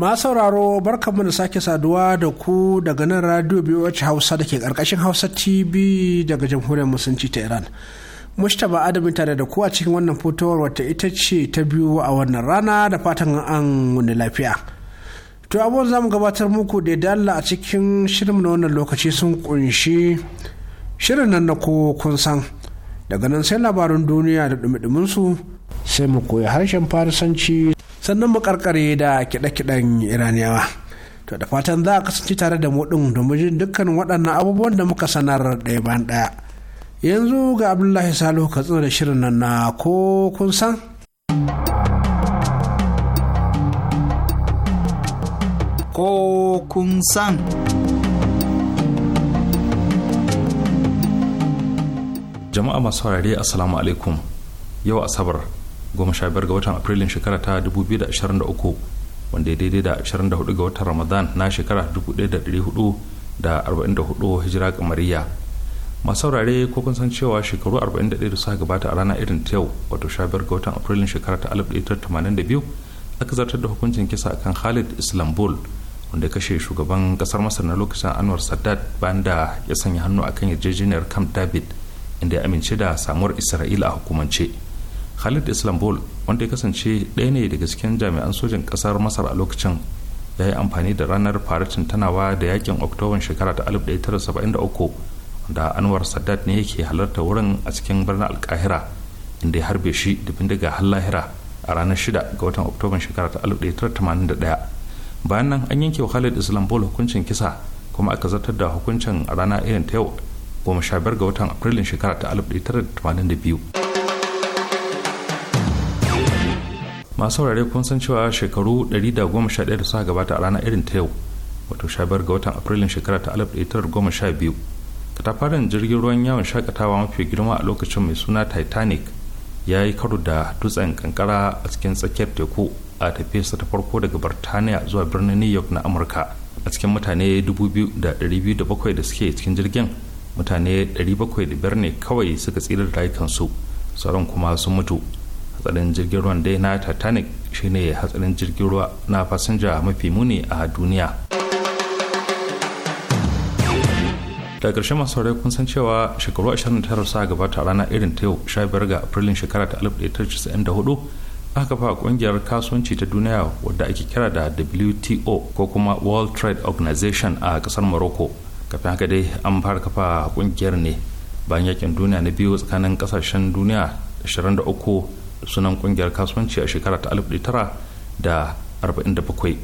ma sauraro barkamu da sake saduwa da ku daga nan radio BOH Hausa da ke karkashin Hausa TV daga Jamhuriyar Musulunci ta Iran. ba Adamu tare da ku a cikin wannan fitowar wata ita ce ta biyu a wannan rana da fatan an wani lafiya. To abubuwan zamu gabatar muku da allah a cikin shirin na wannan lokaci sun kunshi shirin nan na ko kun san daga nan sai labarin duniya da dumi su sai mu koyi harshen farisanci sannan mu da kiɗe-kiɗen iraniyawa to da fatan za a kasance tare da mu ɗin domin jin dukkan waɗannan abubuwan da muka sanar ɗaya bayan ɗaya yanzu ga abdullahi salihu katsina da shirin nan na ko kun san ko kun san jama'a masu harare assalamu alaikum yau asabar goma sha biyar ga watan afrilun shekara ta 2023 wanda ya daidai da 24 ga watan ramadan na shekara 1444 hijira kamariya masu saurare ko kun san cewa shekaru 41 da suka gabata a rana irin ta yau wato biyar ga watan afrilun shekara ta 1982 aka zartar da hukuncin kisa kan khalid islambol wanda ya kashe shugaban kasar masar na lokacin anwar sadat bayan da ya sanya hannu a kan yarjejeniyar camp david inda ya amince da samuwar isra'ila a hukumance khalid islambol wanda ya kasance ɗaya ne daga cikin jami'an sojin ƙasar masar a lokacin ya yi amfani da ranar faratin tanawa da yakin oktoban shekara ta 1973 da anwar sadat ne yake halarta wurin a cikin birnin alkahira inda ya harbe shi da bindiga har lahira a ranar 6 ga watan oktoban shekara ta 1981 bayan nan an yanke wa khalid islambol hukuncin kisa kuma aka zartar da hukuncin a rana irin ta yau goma biyar ga watan afrilun shekara ta 1982 masu saurare kun san cewa shekaru 111 da suka gabata a ranar irin ta yau wato shabar ga watan afrilun shekara ta 1912 katafaren jirgin ruwan yawon shakatawa mafi girma a lokacin mai suna titanic ya yi karu da dutsen kankara a cikin tsakiyar teku a tafiyarsa ta farko daga birtaniya zuwa birnin new york na amurka a cikin mutane 2,207 da suke cikin jirgin mutane 700 ne kawai suka tsira da rayukansu sauran kuma sun mutu hatsarin jirgin ruwan dai na titanic shine hatsarin jirgin ruwa na fasinja mafi muni a duniya da ƙarshe masu saurari kun san cewa shekaru 29 sa gabata rana irin ta yau 15 ga afrilun shekara ta 1994 aka kafa kungiyar kasuwanci ta duniya wadda ake kira da wto ko kuma world trade organization a kasar morocco kafin haka dai an fara kafa kungiyar ne bayan yakin duniya na biyu tsakanin kasashen duniya 23 sunan kungiyar kasuwanci a shekara ta 1947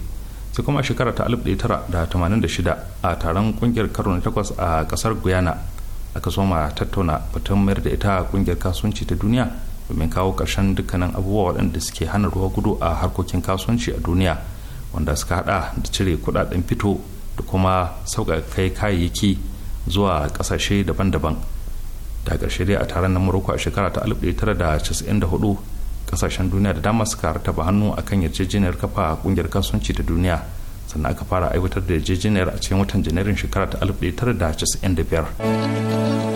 sai kuma a shekara ta 1986 a taron kungiyar karo na takwas a kasar guyana aka soma tattauna batun mayar da ita kungiyar kasuwanci ta duniya domin kawo ƙarshen dukkanin abubuwa waɗanda suke hana ruwa gudu a harkokin kasuwanci a duniya wanda suka hada da cire kudaden fito da kuma sauƙaƙa kai kayayyaki zuwa ƙasashe daban-daban da ƙarshe dai a taron na morocco a shekara ta 1994 kasashen duniya da dama suka rataba hannu akan yarjejeniyar kafa a kungiyar kasuwanci ta duniya sannan aka fara aiwatar da yarjejeniyar a cikin watan janairun shekara ta 1995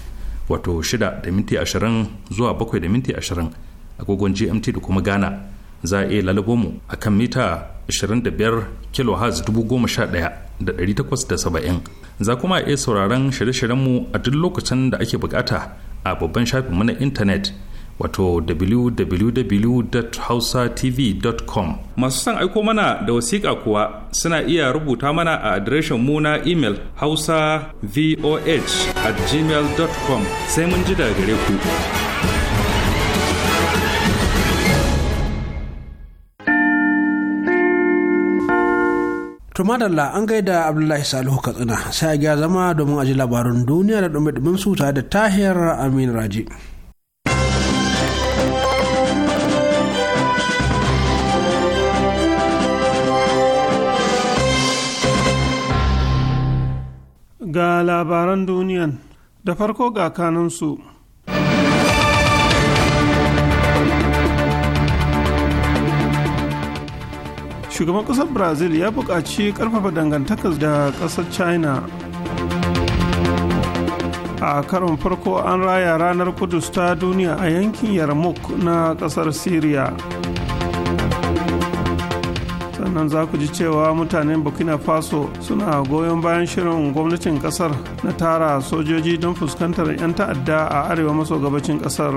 wato 6 da minti ashirin zuwa 7 da minti ashirin agogon gmt da kuma ghana za a iya lalabo mu a kan mita 25 kHz 11870 za kuma a iya sauraron shirye-shiryenmu a duk lokacin da ake bukata a babban shafinmu na intanet wato www.hausatv.com masu son aiko mana da wasiƙa kuwa suna iya rubuta mana a adireshin mu na imel hausa voh at gmail.com sai mun ji da gare ku tumadalla an gaida abdullahi salihu katsina sai a gya zama domin aji labarin duniya da dumi su tare da tahir amin raji. ga labaran duniyan da farko ga kanunsu. Shugaban ƙasar Brazil ya buƙaci ƙarfafa dangantakar da ƙasar China. A karon farko an raya ranar Kudus ta duniya a yankin Yarmouk na ƙasar syria. sannan za ku ji cewa mutanen burkina faso suna goyon bayan shirin gwamnatin kasar na tara sojoji don fuskantar 'yan ta'adda a arewa maso gabacin kasar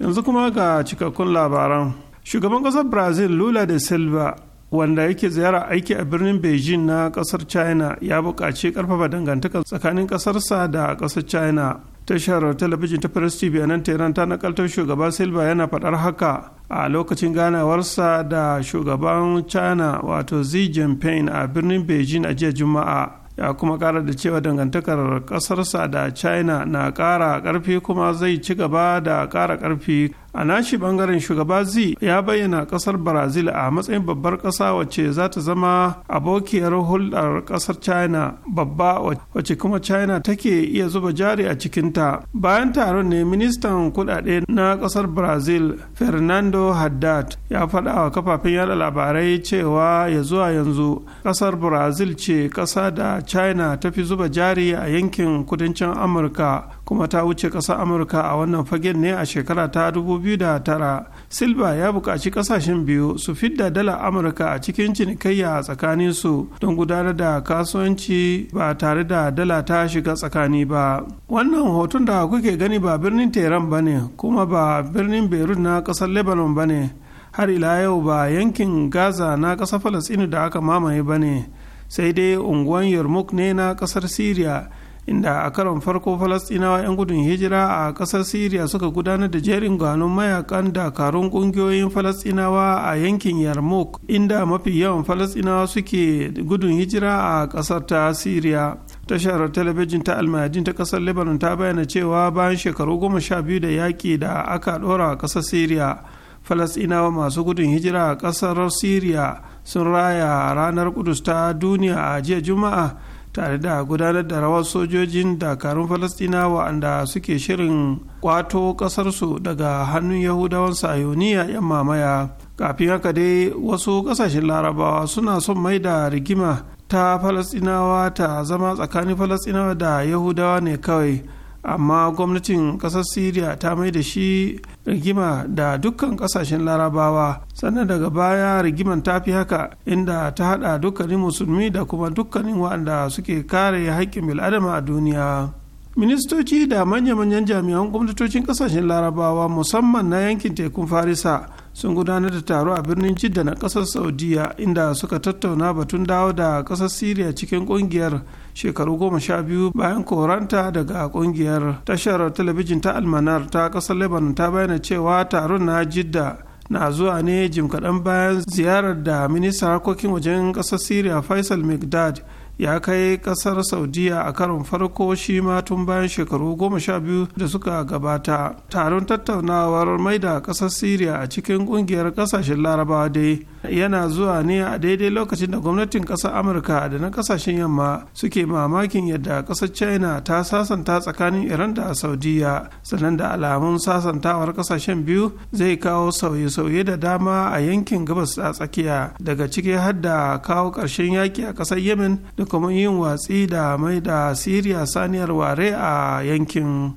yanzu kuma ga cikakkun labaran shugaban kasar brazil lula da silva wanda yake ziyara aiki a birnin beijing na kasar china ya buƙaci ƙarfafa dangantaka tsakanin ƙasarsa da ƙasar china tashar talabijin ta press tv a nan tehran ta nakaltar shugaba silva yana faɗar haka a lokacin ganawarsa da shugaban china wato xi jinping a birnin beijing a jiya juma'a ya kuma kara da cewa dangantakar kasarsa da china na kara karfi kuma zai ci gaba da kara karfi. a nashi bangaren shugaba z ya bayyana kasar brazil a matsayin babbar kasa wacce za ta zama abokiyar hulɗar kasar china babba wacce kuma china take iya zuba jari a cikinta bayan taron ne ministan kudade na kasar brazil fernando haddad ya faɗa wa kafafen yada labarai cewa ya zuwa yanzu kasar brazil ce kasa da china ta fi zuba jari a yankin kudancin amurka kuma ta wuce ƙasar amurka a wannan fagen ne a shekara ta 2009 silva ya buƙaci ƙasashen biyu su fidda dala amurka a cikin cinikayya a tsakanin su don gudanar da kasuwanci ba tare da dala ta shiga tsakani ba wannan hoton da kuke gani ba birnin teheran ba ne kuma ba birnin beirut na ƙasar lebanon ba ne har ila yau ba yankin gaza na ƙasar falasɗinu da aka mamaye ba ne sai dai unguwan yarmouk ne na ƙasar syria inda a karon farko falastinawa 'yan gudun hijira a ƙasar syria suka gudanar da jerin gwanon mayakan dakarun ƙungiyoyin falastinawa a yankin yarmouk inda mafi yawan falastinawa suke gudun hijira a ƙasar ta syria tashar talabijin ta almadin ta ƙasar lebanon ta bayyana cewa bayan shekaru goma sha biyu da yaƙi da aka ɗora a ƙasar syria falasɗinawa masu gudun hijira a ƙasar syria sun raya ranar ƙudus ta duniya a jiya juma'a tare da gudanar da rawar sojojin dakarun falastina wa'anda suke shirin kwato kasarsu daga hannun yahudawan sayoniya yan mamaya kafin haka dai wasu kasashen larabawa suna son mai da rigima ta falasɗinawa ta zama tsakanin falastinawa da yahudawa ne kawai amma gwamnatin kasar syria ta mai da shi rigima da dukkan kasashen larabawa sannan daga baya rigiman ta fi haka inda ta hada dukkanin musulmi da kuma dukkanin waɗanda suke kare haƙƙin bil'adama a duniya ministoci da manya-manyan jami'an gwamnatocin kasashen larabawa musamman na yankin tekun farisa sun gudanar da taro a birnin jidda na kasar saudiya inda suka tattauna batun dawo da kasar syria cikin kungiyar shekaru goma sha biyu bayan koranta daga kungiyar tashar talabijin ta almanar ta kasar lebanon ta bayyana cewa taron na jidda na zuwa ne jim kaɗan bayan ziyarar da ministan harkokin wajen ƙasar syria faisal mcdad ya kai kasar saudiya a karin farko shi ma tun bayan shekaru goma sha biyu da suka gabata taron tattaunawar mai da kasar syria a cikin kungiyar kasashen larabawa dai yana zuwa ne a daidai lokacin da gwamnatin kasar amurka da na kasashen yamma suke mamakin yadda kasar china ta sasanta tsakanin iran da saudiya sannan da alamun sasantawar kasashen biyu zai kawo sauye-sauye da dama a yankin gabas a tsakiya daga ciki har da kawo ƙarshen yaƙi a ƙasar yemen da Kuma yin watsi da mai da siriya saniyar ware a yankin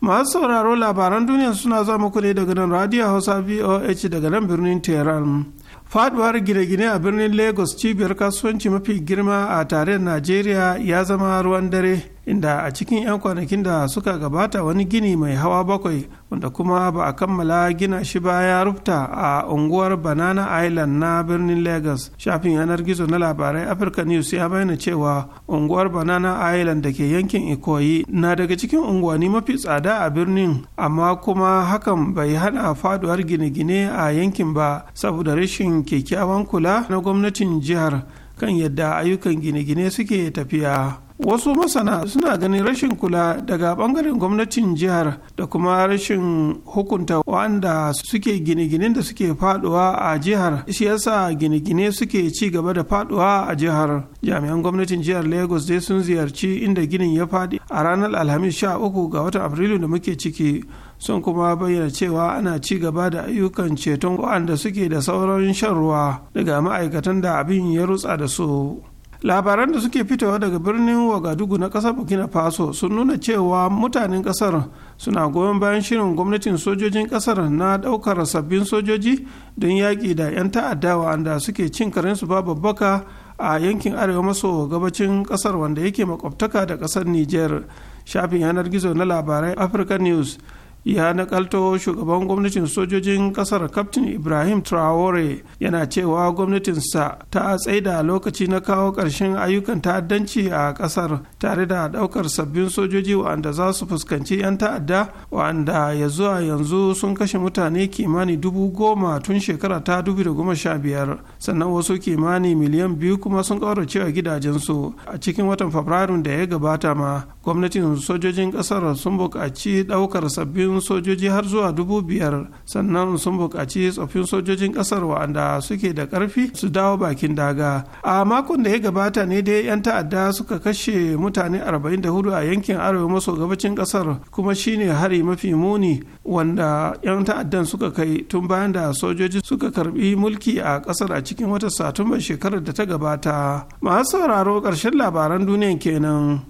masu sauraro labaran duniya suna zuwa muku ne daga nan radio hausa voh daga nan birnin tehran faduwar gine-gine a birnin lagos cibiyar kasuwanci mafi girma a tarayyar najeriya ya zama ruwan dare inda a cikin 'yan kwanakin da suka gabata wani gini mai hawa bakwai wanda kuma ba a kammala gina shi ba ya rufta a unguwar banana island na birnin lagos shafin yanar gizo na labarai africa news ya bayyana cewa unguwar banana island da ke yankin ikoyi na daga cikin unguwanni mafi tsada a birnin amma kuma hakan bai hana faduwar gine-gine a yankin ba saboda rashin kyakkyawan kula na gwamnatin jihar kan yadda ayyukan gine-gine suke tafiya wasu masana suna ganin rashin kula daga bangaren gwamnatin jihar da kuma rashin hukunta wanda suke gine-ginen da suke faduwa a jihar shi yasa gine-gine suke ci gaba da faduwa a jihar jami'an gwamnatin jihar lagos dai sun ziyarci inda ginin ya fadi a ranar alhamis sha uku ga watan afrilu da muke ciki sun kuma bayyana cewa ana ci gaba da ayyukan ceton waɗanda suke da sauran shan ruwa daga ma'aikatan da abin ya rutsa da su labaran da suke fitowa daga birnin wagadugu na kasar burkina faso sun nuna cewa mutanen kasar suna goyon bayan shirin gwamnatin sojojin kasar na daukar sabbin sojoji don yaƙi da 'yan ta'adda wanda suke cin karen su ba babbaka a yankin arewa maso gabacin kasar wanda yake makwabtaka da kasar niger shafin yanar gizo na labarai africa news ya nakalto shugaban gwamnatin sojojin kasar kaftin ibrahim traore yana cewa gwamnatinsa ta tsaida lokaci na kawo ƙarshen ayyukan ta'addanci a kasar tare da ɗaukar sabbin sojoji wa'anda za su fuskanci 'yan ta'adda wa'anda ya zuwa yanzu sun kashe mutane kimani dubu goma tun shekara ta dubu da goma sha biyar sannan wasu kimani miliyan biyu kuma sun cewa gidajensu a cikin watan fabrairun da ya gabata ma gwamnatin sojojin kasar sun buƙaci ɗaukar sabbin tsofaffin sojoji har zuwa dubu biyar sannan sun buƙaci tsoffin sojojin ƙasar wa'anda suke da ƙarfi su dawo bakin daga a makon da ya gabata ne dai 'yan ta'adda suka kashe mutane 44 a yankin arewa maso gabacin ƙasar kuma shine hari mafi muni wanda 'yan ta'addan suka kai tun bayan da sojoji suka karbi mulki a ƙasar a cikin wata satumbar shekarar da ta gabata masu sauraro ƙarshen labaran duniyan kenan.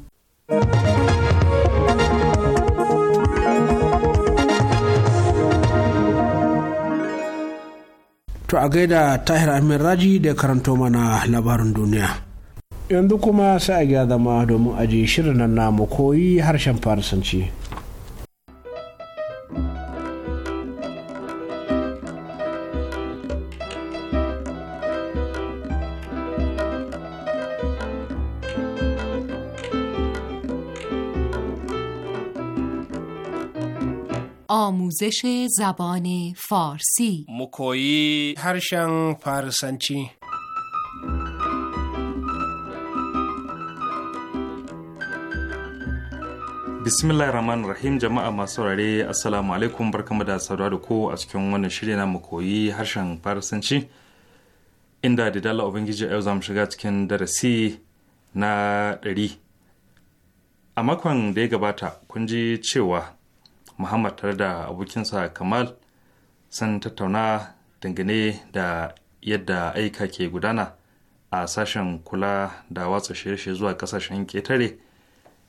To a gaida Tahir ahmed Raji da karanto mana labarin duniya. Yanzu kuma sai a gyara zama domin aji shirin nan mu koyi harshen Farisanci. آموزش زبان فارسی koyi harshen فارسنچی bismillah rahman rahim jama'a masu saurare assalamu alaikum barkamu da saduwa da ko a cikin wannan shirya na koyi harshen farisanci inda da dala ubangiji yau zamu shiga cikin darasi na ɗari a makon da ya gabata kun ji cewa muhammad tare da abokinsa kamal sun tattauna dangane da yadda aika ke gudana a sashen kula da watsa shirye-shirye zuwa kasashen ketare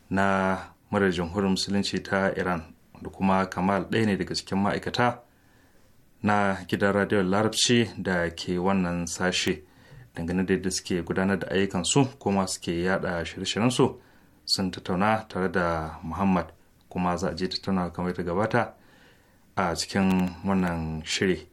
na mara jamhuriyar musulunci ta iran da kuma kamal ɗaya ne daga cikin ma'aikata na gidan radiyon larabci da ke wannan sashe dangane da yadda suke gudanar da ayyukansu kuma suke yada shirye-shiryensu sun tattauna tare da muhammad kuma za a je tattauna kamar ta gabata a cikin wannan shiri.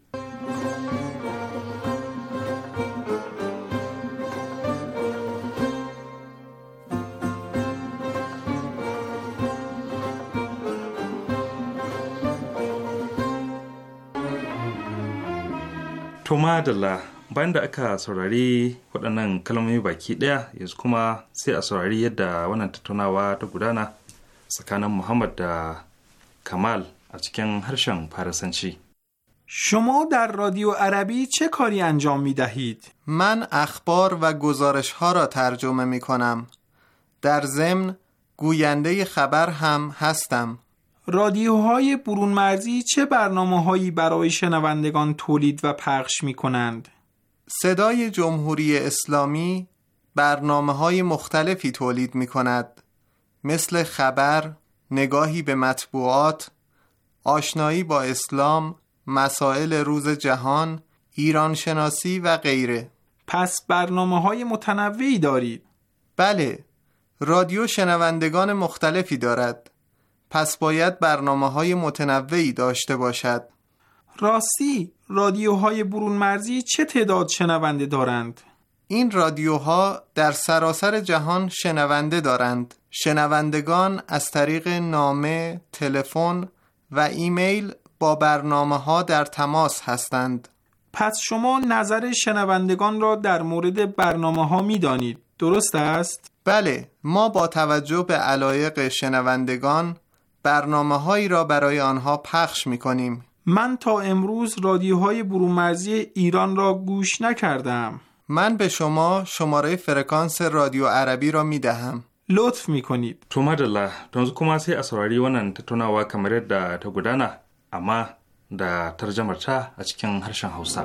Toma Dalla bayan da aka saurari waɗannan kalmomi baki ɗaya yanzu kuma sai a saurari yadda wannan tattaunawa ta gudana tsakanin محمد دا کمال اچکن harshen پرسنچی شما در رادیو عربی چه کاری انجام می دهید؟ من اخبار و گزارش ها را ترجمه می کنم. در ضمن گوینده خبر هم هستم. رادیوهای برون مرزی چه برنامه هایی برای شنوندگان تولید و پخش می کنند؟ صدای جمهوری اسلامی برنامه های مختلفی تولید می کند. مثل خبر، نگاهی به مطبوعات، آشنایی با اسلام، مسائل روز جهان، ایران شناسی و غیره. پس برنامه های متنوعی دارید؟ بله، رادیو شنوندگان مختلفی دارد. پس باید برنامه های متنوعی داشته باشد. راستی رادیوهای برون مرزی چه تعداد شنونده دارند؟ این رادیوها در سراسر جهان شنونده دارند شنوندگان از طریق نامه، تلفن و ایمیل با برنامه ها در تماس هستند پس شما نظر شنوندگان را در مورد برنامه ها می دانید. درست است؟ بله ما با توجه به علایق شنوندگان برنامه هایی را برای آنها پخش می کنیم من تا امروز رادیوهای برومرزی ایران را گوش نکردم من به شما شماره فرکانس رادیو عربی را می دهم. لطف می کنید. تو مدلا دانزو کما اسراری ونن و کمر دا تگودانا، اما دا ترجمه تا اچکن هرشن حوصا.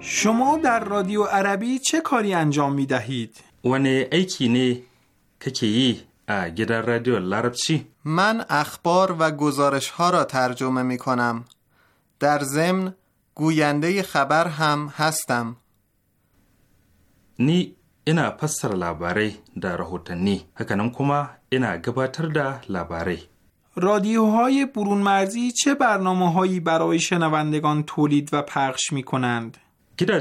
شما در رادیو عربی چه کاری انجام می دهید؟ ونه ایکی نه در رادیو چی من اخبار و گزارش ها را ترجمه می کنم در ضمن گوینده خبر هم هستم نی اینا پسر لباره در نی هکنم کما اینا گباتر در رادیو رادیوهای برون مرزی چه برنامه هایی برای شنوندگان تولید و پخش می کنند؟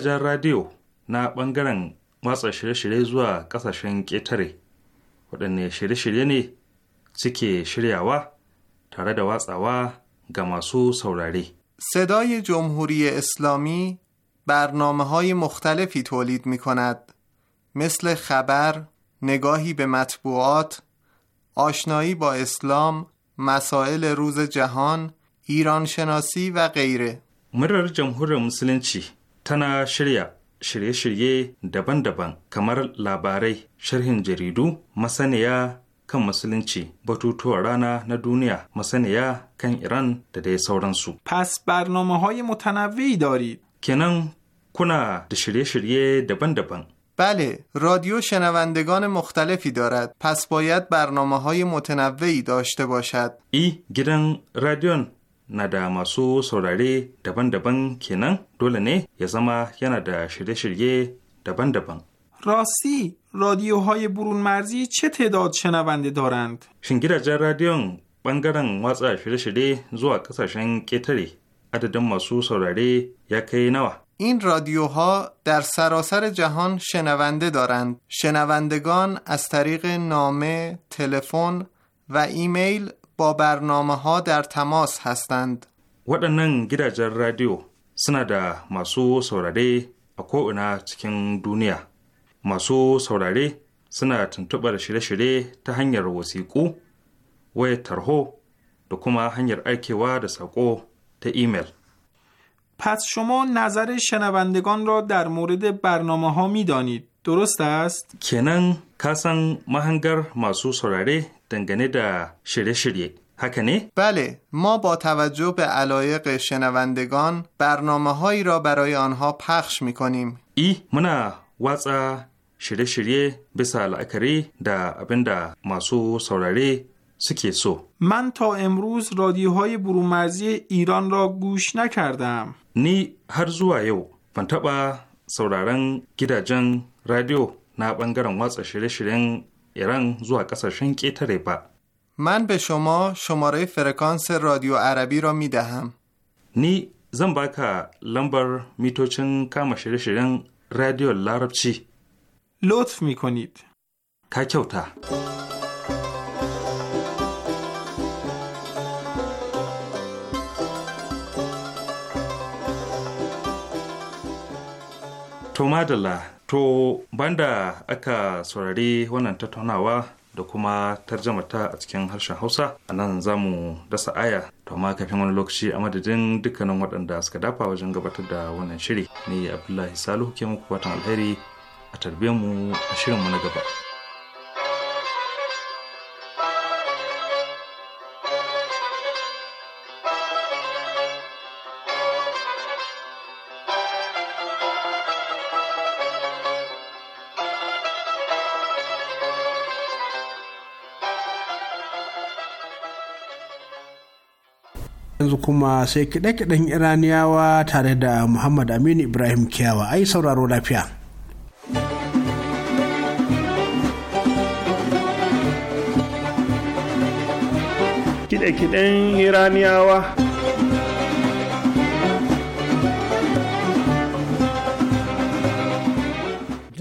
رادیو نه بانگرن bangaren شده شده زوا zuwa waɗanne shirye-shirye ne suke shiryawa tare da watsawa ga صدای جمهوری اسلامی برنامه های مختلفی تولید می کند مثل خبر، نگاهی به مطبوعات، آشنایی با اسلام، مسائل روز جهان، ایران شناسی و غیره. مرر جمهور مسلمچی تنا شریع shirye-shirye daban-daban kamar labarai, sharhin jaridu, masaniya kan musulunci, batutuwa rana na duniya, masaniya kan Iran da dai sauransu. Pas barnoma hoyi متنوعی دارید. kenan kuna da shirye-shirye daban-daban. بله، رادیو شنوندگان مختلفی دارد. پس باید برنامه های متنوعی داشته باشد. ای گیرن رادیون na da masu saurare daban-daban kenan dole ne ya zama yana da shirye-shirye daban-daban. راستی رادیوهای برون مرزی چه تعداد شنونده دارند؟ شنگیر جر رادیون بنگرن واتسا شده شده زوا کساشن کتری عدد ماسو سراره یکی نوا این رادیوها در سراسر جهان شنونده دارند شنوندگان از طریق نامه، تلفن و ایمیل برنامه ها در تماس هستند. waɗannan gidajen radiyo suna da masu saurare a ko'ina cikin duniya. Masu saurare suna tuntuɓar shirye-shirye ta hanyar wasiƙu, wayar tarho da kuma hanyar aikewa da saƙo ta email پس شما نظر شنوندگان را در مورد برنامه ها می دانید درست است؟ کنن کسان مهنگر ماسو سراره دنگنه دا شده شده نی؟ بله ما با توجه به علایق شنوندگان برنامه هایی را برای آنها پخش می ای منا وضع شده شده بسا لعکری دا ابن دا ماسو سوراره سو. من تا امروز رادیوهای برومرزی ایران را گوش نکردم نی هر زوایو یو من تبا رادیو na bangaren watsa shirye ایران زوا که تره با من به شما شماره فرکانس رادیو عربی را می دهم نی زن باکا لمبر میتوچن کام شده شدن رادیو لارب چی لطف می کنید که تا To banda aka saurari wannan tattaunawa da kuma tarjamata a cikin harshen Hausa a nan za mu dasa aya to ma kafin wani lokaci a madadin dukkanin waɗanda suka dafa wajen gabatar da wannan shiri ne Abdullahi Salihu ke muku watan alheri a tarbe mu a shirinmu na gaba. yanzu kuma sai kiɗe-kiɗen iraniyawa tare da muhammad aminu ibrahim kiyawa ai sauraro lafiya kiɗe-kiɗen iraniyawa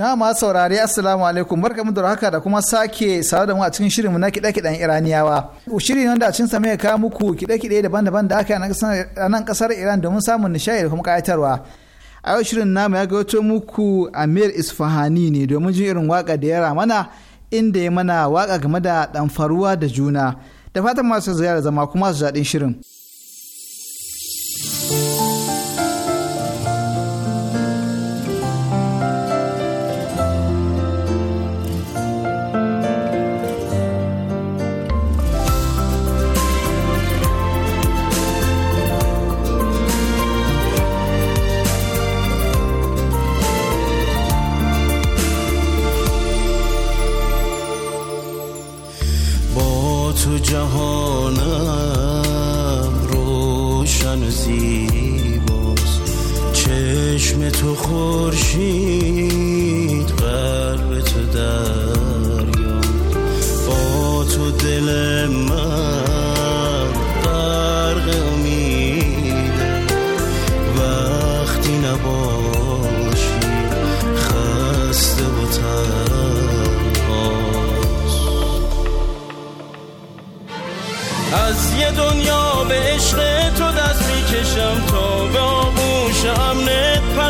Jama'a masu saurari Assalamu alaikum barkamu da haka da kuma sake sawa da mu a cikin shirinmu na kiɗe-kiɗen Iraniyawa. Shirin wanda a cikin sa mai kawo muku kiɗe-kiɗe daban-daban da aka yi a nan kasar Iran domin samun nishaɗi da kuma kayatarwa. A yau shirin namu ya gawato muku Amir Isfahani ne domin jin irin waka da ya mana inda ya mana waka game da ɗanfaruwa da juna. Da fatan masu ziyara zama kuma su daɗin shirin.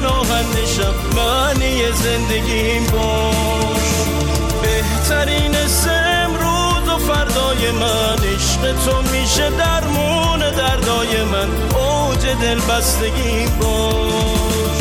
من آهن شب معنی زندگیم باش بهترین سم روز و فردای من عشق تو میشه درمون دردای من اوج دل بستگیم باش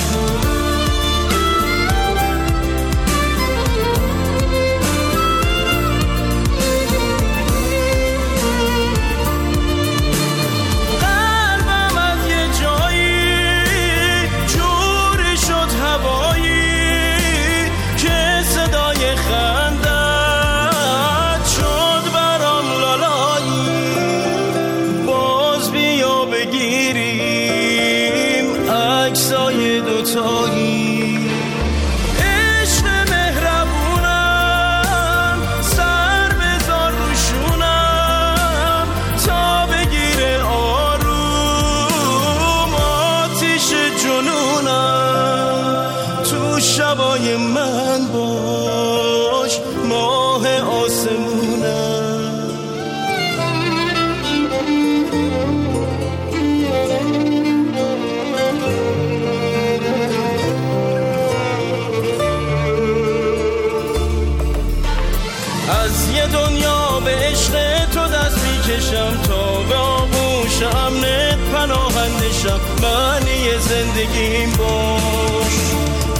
معنی زندگیم باش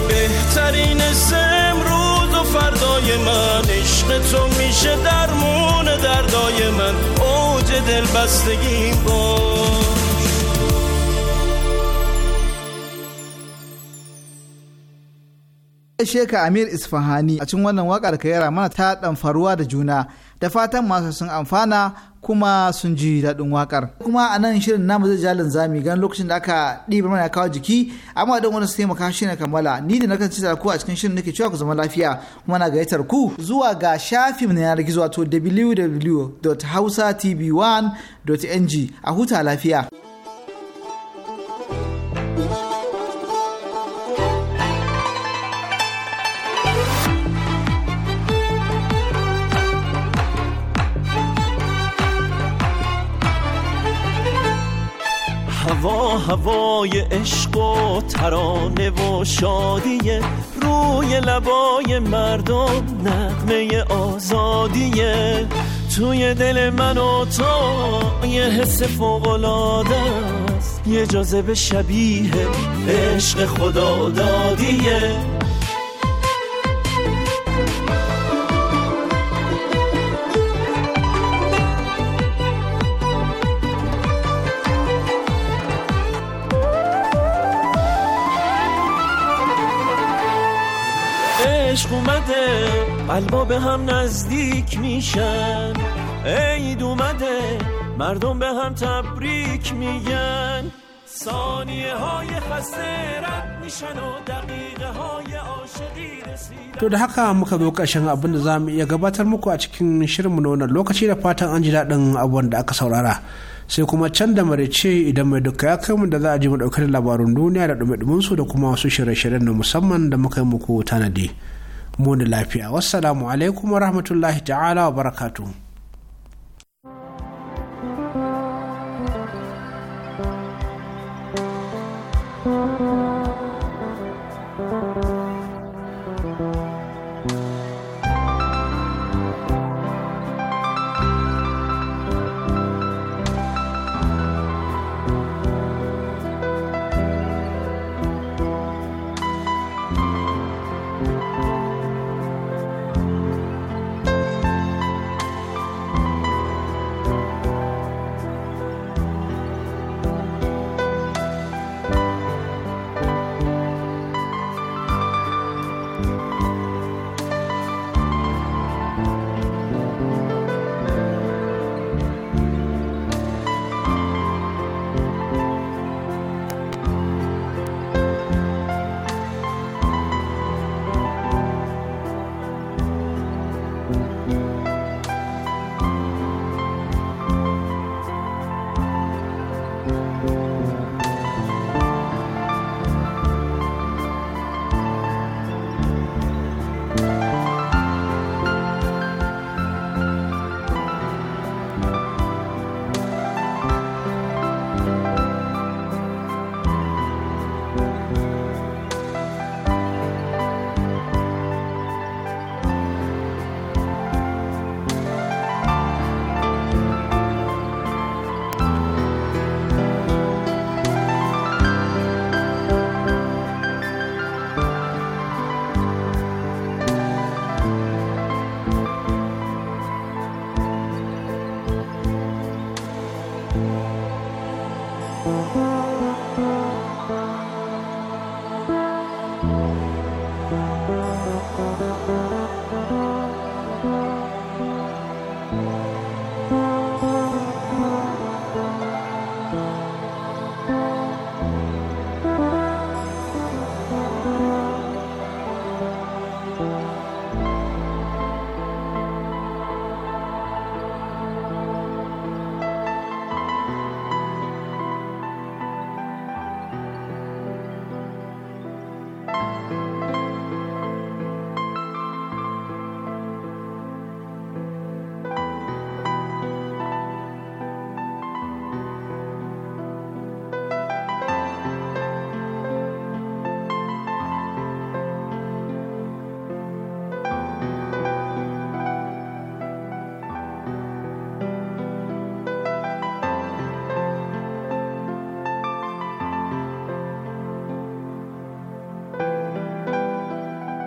بهترین سم روز و فردای من عشق تو میشه درمون دردای من اوج دل بستگیم باش Sheka Amir Isfahani a cikin wannan waƙar ka mana ta ɗan faruwa da juna da fatan masu sun amfana kuma sun ji daɗin wakar. Kuma a nan shirin namu zai jalin zami gan lokacin da aka ɗiba mana kawo jiki amma don wani su taimaka shi na kammala ni da nakan ci ku a cikin shirin nake cewa ku zama lafiya kuma na gayyatar ku zuwa ga shafin na yanar gizo wato www.hausatv1.ng a huta lafiya. هوا هوای عشق و ترانه و شادیه روی لبای مردم نقمه آزادیه توی دل من و تو یه حس فوقلاده است یه جاذبه شبیه عشق خدا دادیه قلبا da haka muka zo karshen abinda da zamu iya gabatar muku a cikin shirinmu na wannan lokaci da fatan an ji daɗin abubuwan da aka saurara sai kuma can da marice idan mai duka ya kai mu da za a ji mu ɗauke da labarun duniya da ɗume su da kuma wasu shirye-shiryen na musamman da muka yi muku tanadi. mu lafiya wassalamu alaikum wa rahmatullahi ta'ala wa barakatu thank you